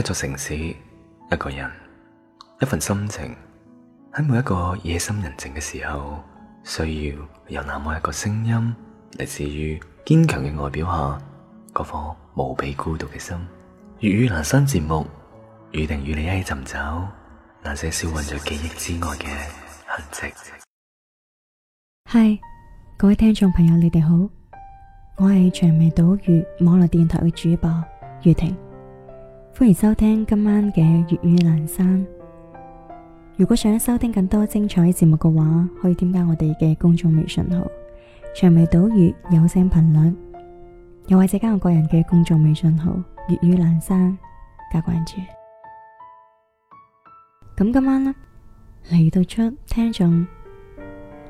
一座城市，一個人，一份心情，喺每一個夜深人靜嘅時候，需要有那麼一個聲音，嚟自於堅強嘅外表下，嗰、那、顆、個、無比孤獨嘅心。粵語闌珊節目，雨婷與你一起尋找，那些消隱在記憶之外嘅痕跡。係各位聽眾朋友，你哋好，我係長尾島粵網絡電台嘅主播雨婷。歡迎收聽今晚嘅粵語闌珊。如果想收聽更多精彩節目嘅話，可以添加我哋嘅公眾微信號“長尾島語有聲頻率”，又或者加我個人嘅公眾微信號“粵語闌珊”加關注。咁今晚呢，嚟到出聽眾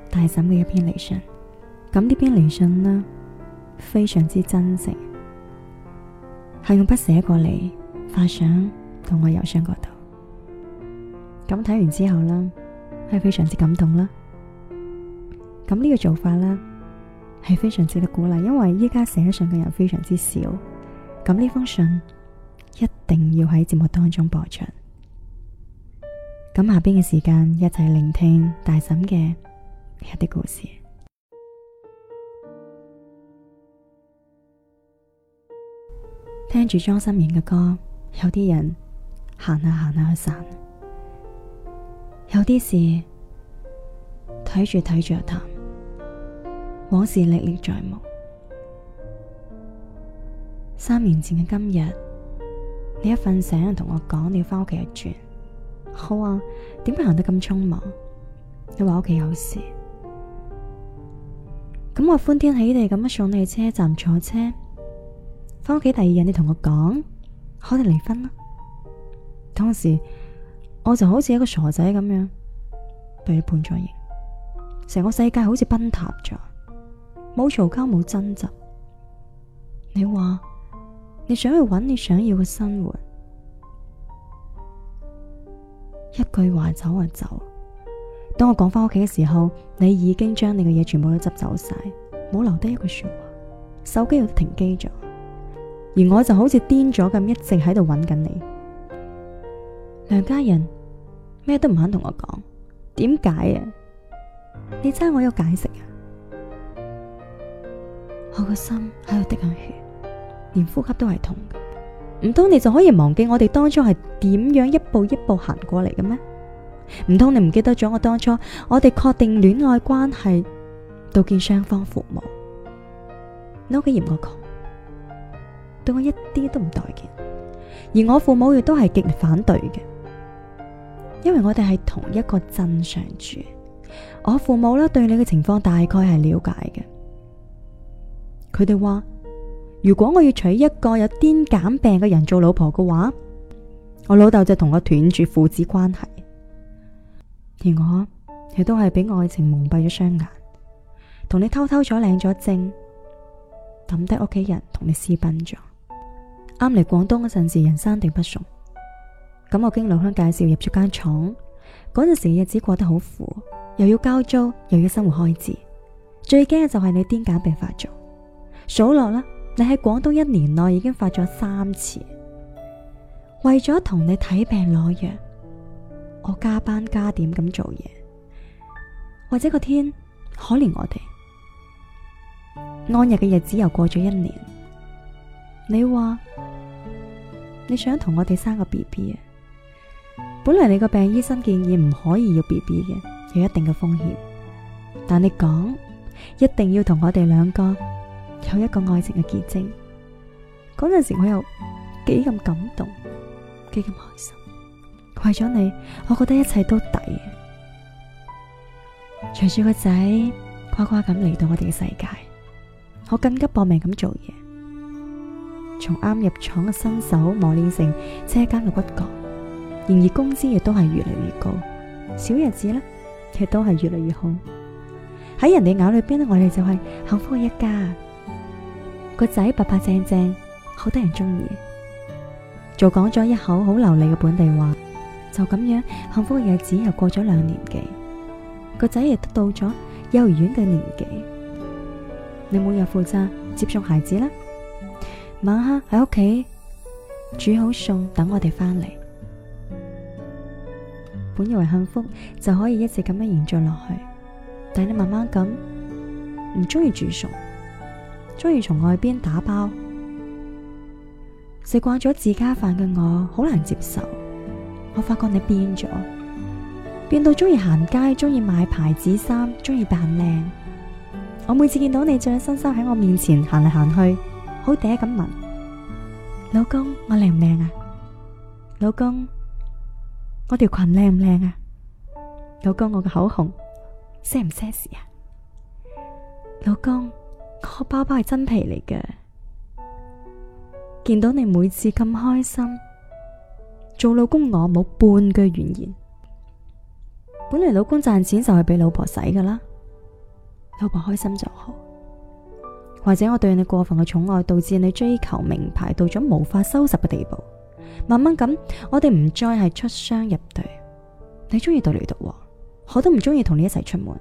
大嬸嘅一篇嚟信，咁呢篇嚟信呢，非常之真誠，係用筆寫過嚟。發相同我郵箱嗰度，咁睇完之後啦，係非常之感動啦。咁、這、呢個做法啦，係非常值得鼓勵，因為依家寫信嘅人非常之少。咁呢封信一定要喺節目當中播出。咁下邊嘅時間一齊聆聽大嬸嘅一啲故事，聽住莊心妍嘅歌。有啲人行下行下散，有啲事睇住睇住淡，往事歷歷在目。三年前嘅今日，你一瞓醒，同我講你要翻屋企一轉。好啊？點解行得咁匆忙？你話屋企有事，咁我歡天喜地咁啊，送你去車站坐車，翻屋企第二日，你同我講。我哋離婚啦。當時我就好似一個傻仔咁樣被你判咗刑，成個世界好似崩塌咗，冇嘈交，冇爭執。你話你想去揾你想要嘅生活，一句話走就走。當我趕翻屋企嘅時候，你已經將你嘅嘢全部都執走晒，冇留低一句說話，手機又停機咗。而我就好似癲咗咁，一直喺度揾緊你，娘家人咩都唔肯同我講，點解啊？你欠我一個解釋啊。我個心喺度滴緊血，連呼吸都係痛嘅。唔通你就可以忘記我哋當初係點樣一步一步行過嚟嘅咩？唔通你唔記得咗我當初我哋確定戀愛關係到見雙方父母，你屋企嫌我窮，對我一啲都唔待見，而我父母亦都係極力反對嘅，因為我哋係同一個鎮上住。我父母咧，對你嘅情況大概係了解嘅，佢哋話如果我要娶一個有癲癇病嘅人做老婆嘅話，我老豆就同我斷絕父子關係。而我亦都係俾愛情蒙蔽咗雙眼，同你偷偷咗領咗證，抌低屋企人同你私奔咗。啱嚟廣東嗰陣時，人生地不熟，咁我經老鄉介紹入咗間廠。嗰陣時日子過得好苦，又要交租，又要生活開支，最驚嘅就係你癲癇病發作。數落啦，你喺廣東一年內已經發咗三次。為咗同你睇病攞藥，我加班加點咁做嘢，或者個天可憐我哋，安逸嘅日子又過咗一年。你話？你想同我哋生個 B B 啊？本來你個病醫生建議唔可以要 B B 嘅，有一定嘅風險。但你講一定要同我哋兩個有一個愛情嘅結晶，嗰陣時我又幾咁感動，幾咁開心。為咗你，我覺得一切都抵。隨住個仔呱呱咁嚟到我哋嘅世界，我更加搏命咁做嘢。從啱入廠嘅新手磨練成車間嘅骨幹，然而工資亦都係越嚟越高，小日子呢，亦都係越嚟越好。喺人哋眼裏邊咧，我哋就係幸福嘅一家。個仔白白淨淨，好得人中意。仲講咗一口好流利嘅本地話，就咁樣，幸福嘅日子又過咗兩年幾。個仔亦都到咗幼兒園嘅年紀，你每日負責接送孩子啦。晚黑喺屋企煮好餸等我哋翻嚟，本以為幸福就可以一直咁樣延續落去，但你慢慢咁唔中意煮餸，中意從外邊打包，食慣咗自家飯嘅我好難接受。我發覺你變咗，變到中意行街，中意買牌子衫，中意扮靚。我每次見到你着新衫喺我面前行嚟行去，好嗲咁問老公：我靚唔靚啊？老公，我條裙靚唔靚啊？老公，我個口紅性唔性感啊？老公，我個包包係真皮嚟噶。見到你每次咁開心，做老公我冇半句怨言。本嚟老公賺錢就係俾老婆使噶啦，老婆開心就好。或者我對你過分嘅寵愛，導致你追求名牌到咗無法收拾嘅地步。慢慢咁，我哋唔再係出雙入對。你中意獨來獨往，我都唔中意同你一齊出門。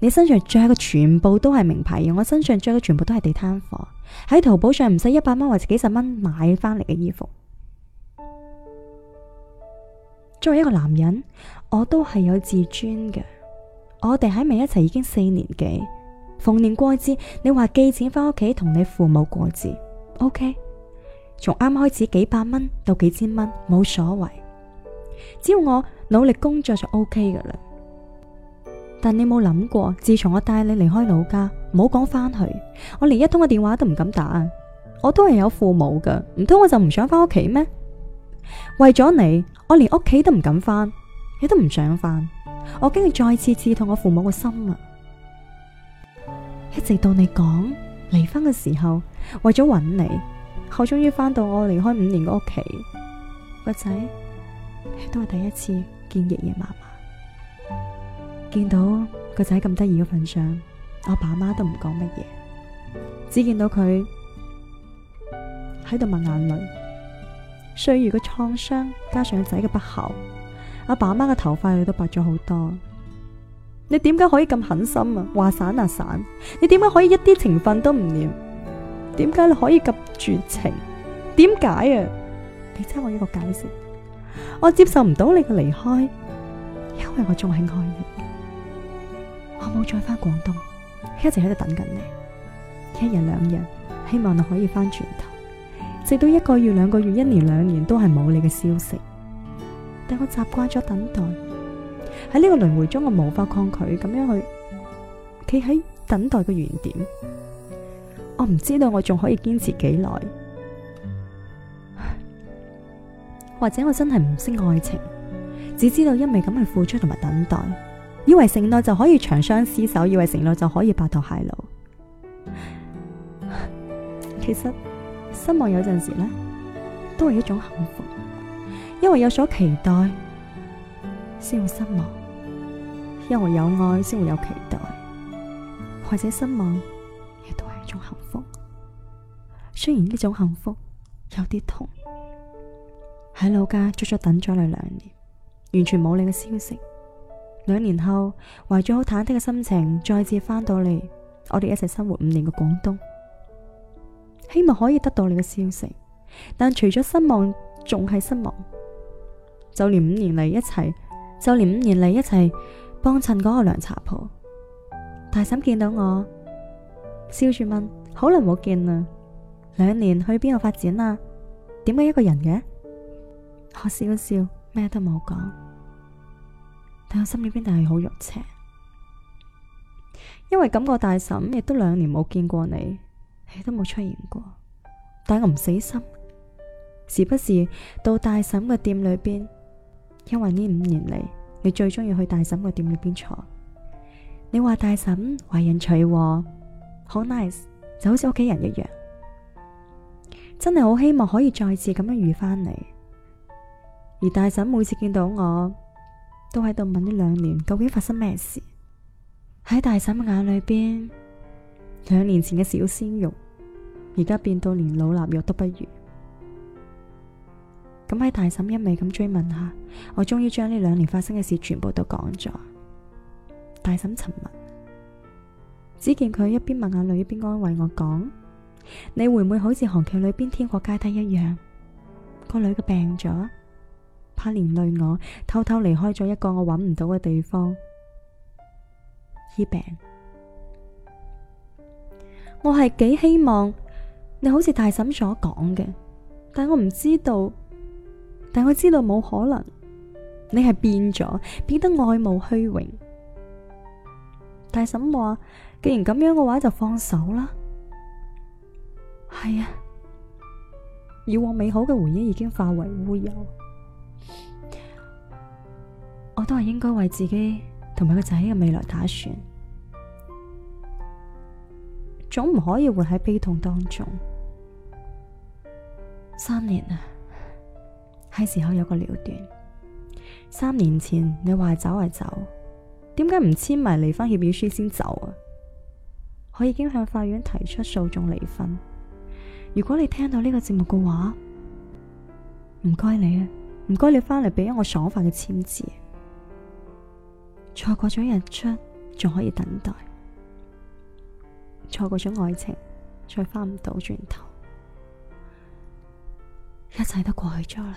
你身上着嘅全部都係名牌，而我身上着嘅全部都係地攤貨，喺淘寶上唔使一百蚊或者幾十蚊買翻嚟嘅衣服。作為一個男人，我都係有自尊嘅。我哋喺埋一齊已經四年幾。逢年過節，你話寄錢翻屋企同你父母過節，OK。從啱開始幾百蚊到幾千蚊，冇所謂，只要我努力工作就 OK 噶啦。但你冇諗過，自從我帶你離開老家，唔好講翻去，我連一通嘅電話都唔敢打。我都係有父母噶，唔通我就唔想翻屋企咩？為咗你，我連屋企都唔敢翻，亦都唔想翻，我驚佢再次刺痛我父母嘅心啊！一直到你講離婚嘅時候，為咗揾你，我終於翻到我離開五年嘅屋企。個仔都係第一次見爺爺嫲嫲，見到個仔咁得意嘅份上，阿爸阿媽都唔講乜嘢，只見到佢喺度抹眼淚。歲月嘅創傷加上個仔嘅不孝，阿爸阿媽嘅頭髮都白咗好多。你點解可以咁狠心啊？話散啊散，你點解可以一啲情分都唔念？點解你可以咁絕情？點解啊？你欠我一個解釋，我接受唔到你嘅離開，因為我仲係愛你。我冇再翻廣東，一直喺度等緊你，一日兩日，希望你可以翻轉頭，直到一個月、兩個月、一年，兩年、兩年都係冇你嘅消息，但我習慣咗等待。喺呢個輪回中，我無法抗拒咁樣去企喺等待嘅原點。我唔知道我仲可以堅持幾耐，或者我真係唔識愛情，只知道一味咁去付出同埋等待，以為承諾就可以長相廝守，以為承諾就可以白頭偕老。其實失望有陣時呢，都係一種幸福，因為有所期待。先會失望，因為有愛先會有期待，或者失望亦都係一種幸福。雖然呢種幸福有啲痛，喺老家足足等咗你兩年，完全冇你嘅消息。兩年後，懷着好忐忑嘅心情再次翻到嚟我哋一齊生活五年嘅廣東，希望可以得到你嘅消息，但除咗失望，仲係失望。就連五年嚟一齊。就連五年嚟一齊幫襯嗰個涼茶鋪，大嬸見到我，笑住問：好耐冇見啦，兩年去邊度發展啦、啊？點解一個人嘅？我笑一笑，咩都冇講，但我心裏邊係好肉赤，因為感覺大嬸亦都兩年冇見過你，你都冇出現過，但係我唔死心，時不時到大嬸嘅店裏邊。因為呢五年嚟，你最中意去大嬸個店裏邊坐。你話大嬸為人隨和，好 nice，就好似屋企人一樣。真係好希望可以再次咁樣遇翻你。而大嬸每次見到我，都喺度問呢兩年究竟發生咩事。喺大嬸眼裏邊，兩年前嘅小鮮肉，而家變到連老臘肉都不如。咁喺大嬸一味咁追問下，我終於將呢兩年發生嘅事全部都講咗。大嬸沉默，只見佢一邊抹眼淚，一邊安慰我講：你會唔會好似韓劇裏邊天國階梯一樣？個女嘅病咗，怕連累我，偷偷離開咗一個我搵唔到嘅地方。醫病，我係幾希望你好似大嬸所講嘅，但我唔知道。但我知道冇可能，你係變咗，變得愛慕虛榮。大嬸話：既然咁樣嘅話，就放手啦。係啊，以往美好嘅回憶已經化為烏有，我都係應該為自己同埋個仔嘅未來打算，總唔可以活喺悲痛當中。三年啊！係時候有個了斷。三年前你話走就走，點解唔簽埋離婚協議書先走啊？我已經向法院提出訴訟離婚。如果你聽到呢個節目嘅話，唔該你啊，唔該你翻嚟俾咗我爽快嘅簽字。錯過咗日出，仲可以等待；錯過咗愛情，再翻唔到轉頭，一切都過去咗啦。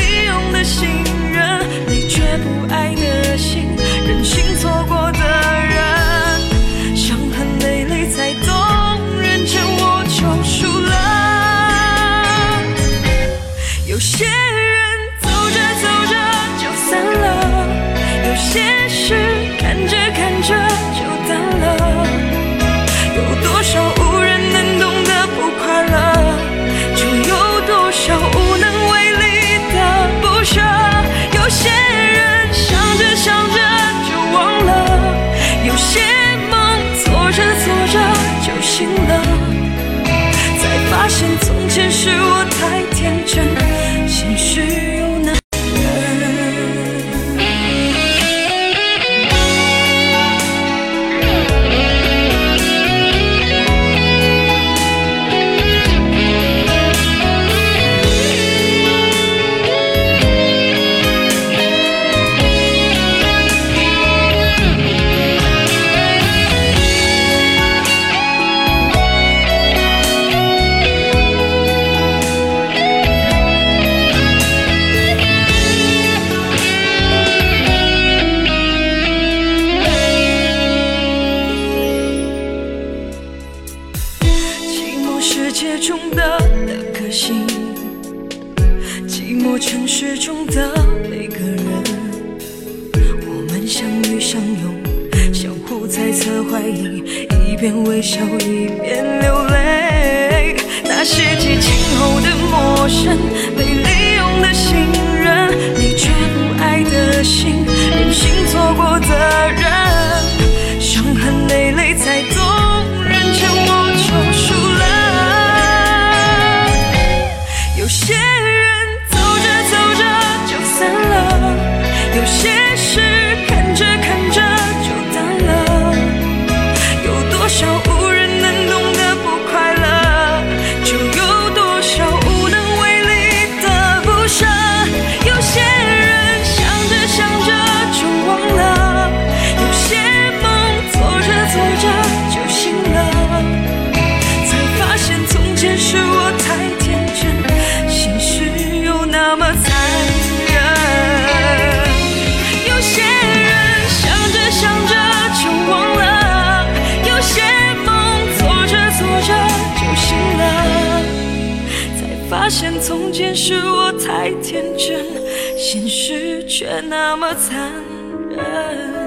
發現從前是我太天真，現實却那麼殘忍。